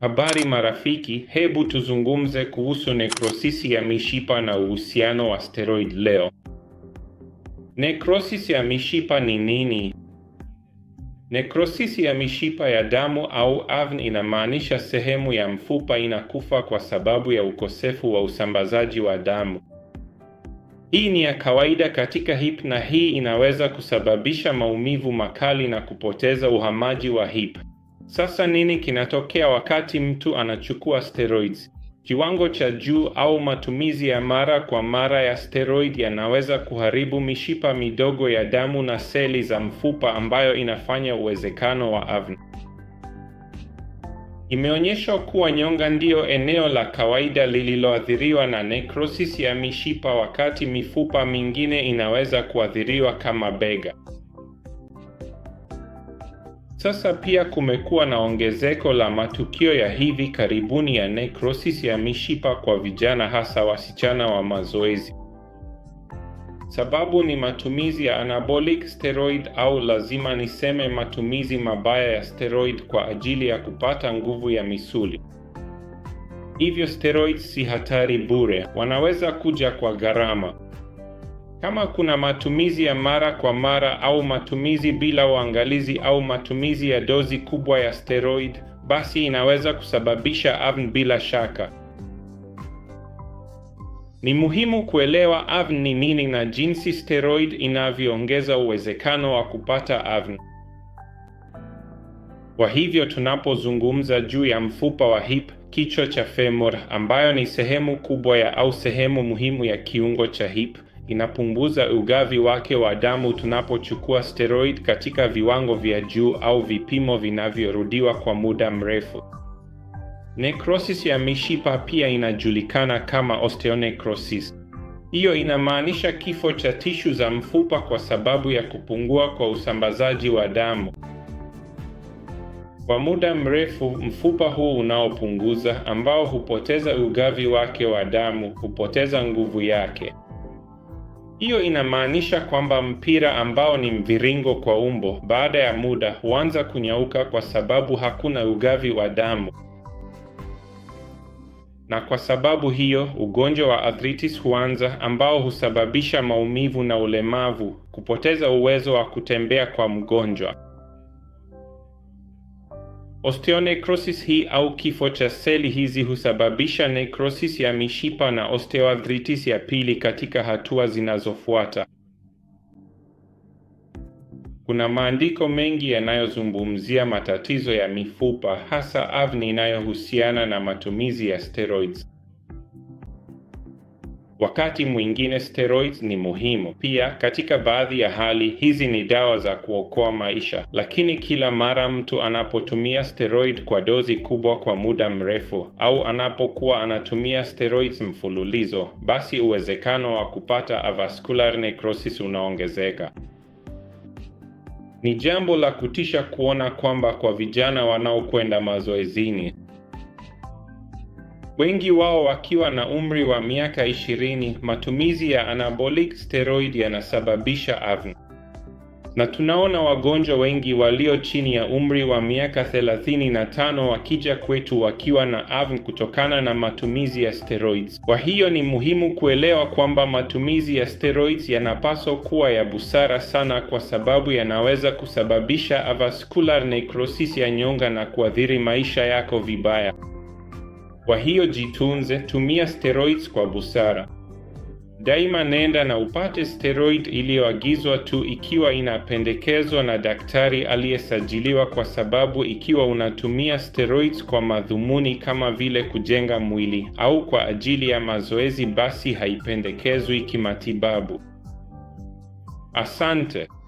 Habari marafiki, hebu tuzungumze kuhusu nekrosisi ya mishipa na uhusiano wa steroid leo. Nekrosisi ya mishipa ni nini? Nekrosisi ya mishipa ya damu au AVN inamaanisha sehemu ya mfupa inakufa kwa sababu ya ukosefu wa usambazaji wa damu. Hii ni ya kawaida katika hip na hii inaweza kusababisha maumivu makali na kupoteza uhamaji wa hip. Sasa nini kinatokea wakati mtu anachukua steroids? Kiwango cha juu au matumizi ya mara kwa mara ya steroid yanaweza kuharibu mishipa midogo ya damu na seli za mfupa ambayo inafanya uwezekano wa AVN. Imeonyeshwa kuwa nyonga ndiyo eneo la kawaida lililoathiriwa na necrosis ya mishipa wakati mifupa mingine inaweza kuathiriwa kama bega. Sasa pia kumekuwa na ongezeko la matukio ya hivi karibuni ya necrosis ya mishipa kwa vijana, hasa wasichana wa mazoezi. Sababu ni matumizi ya anabolic steroid au lazima niseme matumizi mabaya ya steroid kwa ajili ya kupata nguvu ya misuli. Hivyo steroids si hatari bure, wanaweza kuja kwa gharama. Kama kuna matumizi ya mara kwa mara au matumizi bila uangalizi au matumizi ya dozi kubwa ya steroid, basi inaweza kusababisha AVN bila shaka. Ni muhimu kuelewa AVN ni nini na jinsi steroid inavyoongeza uwezekano wa kupata AVN. Kwa hivyo tunapozungumza juu ya mfupa wa hip, kichwa cha femur, ambayo ni sehemu kubwa ya au sehemu muhimu ya kiungo cha hip, inapunguza ugavi wake wa damu tunapochukua steroid katika viwango vya juu au vipimo vinavyorudiwa kwa muda mrefu. Necrosis ya mishipa pia inajulikana kama osteonecrosis. Hiyo inamaanisha kifo cha tishu za mfupa kwa sababu ya kupungua kwa usambazaji wa damu. Kwa muda mrefu, mfupa huu unaopunguza, ambao hupoteza ugavi wake wa damu, hupoteza nguvu yake. Hiyo inamaanisha kwamba mpira ambao ni mviringo kwa umbo, baada ya muda huanza kunyauka kwa sababu hakuna ugavi wa damu, na kwa sababu hiyo ugonjwa wa arthritis huanza, ambao husababisha maumivu na ulemavu, kupoteza uwezo wa kutembea kwa mgonjwa. Osteonecrosis hii au kifo cha seli hizi husababisha necrosis ya mishipa na osteoarthritis ya pili katika hatua zinazofuata. Kuna maandiko mengi yanayozungumzia matatizo ya mifupa, hasa avni inayohusiana na matumizi ya steroids. Wakati mwingine steroids ni muhimu pia. Katika baadhi ya hali hizi ni dawa za kuokoa maisha, lakini kila mara mtu anapotumia steroid kwa dozi kubwa kwa muda mrefu au anapokuwa anatumia steroids mfululizo, basi uwezekano wa kupata avascular necrosis unaongezeka. Ni jambo la kutisha kuona kwamba kwa vijana wanaokwenda mazoezini wengi wao wakiwa na umri wa miaka ishirini. Matumizi ya anabolic steroid yanasababisha AVN, na tunaona wagonjwa wengi walio chini ya umri wa miaka 35 wakija kwetu wakiwa na AVN kutokana na matumizi ya steroids. Kwa hiyo ni muhimu kuelewa kwamba matumizi ya steroids yanapaswa kuwa ya busara sana, kwa sababu yanaweza kusababisha avascular necrosis ya nyonga na kuathiri maisha yako vibaya. Kwa hiyo jitunze, tumia steroids kwa busara. Daima nenda na upate steroid iliyoagizwa tu ikiwa inapendekezwa na daktari aliyesajiliwa, kwa sababu ikiwa unatumia steroids kwa madhumuni kama vile kujenga mwili au kwa ajili ya mazoezi, basi haipendekezwi kimatibabu. Asante.